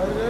Amen.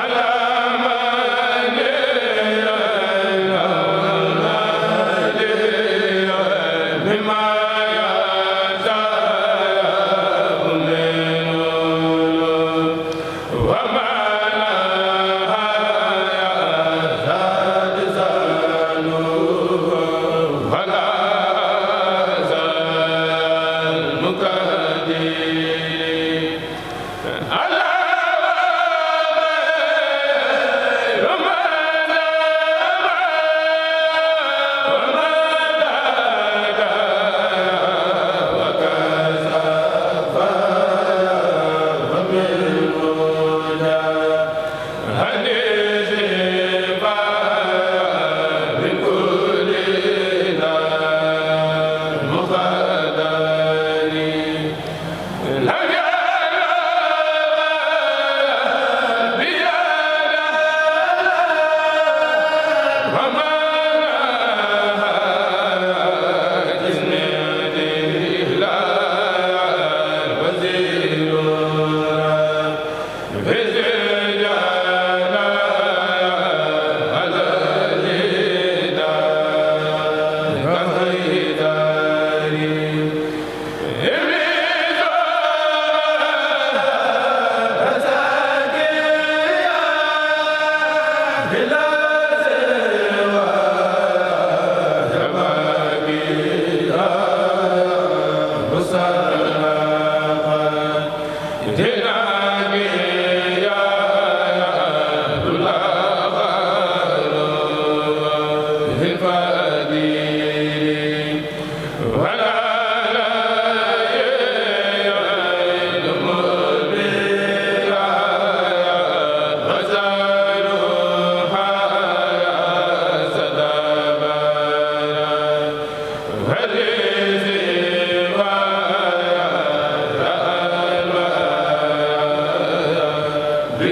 ala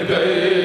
kay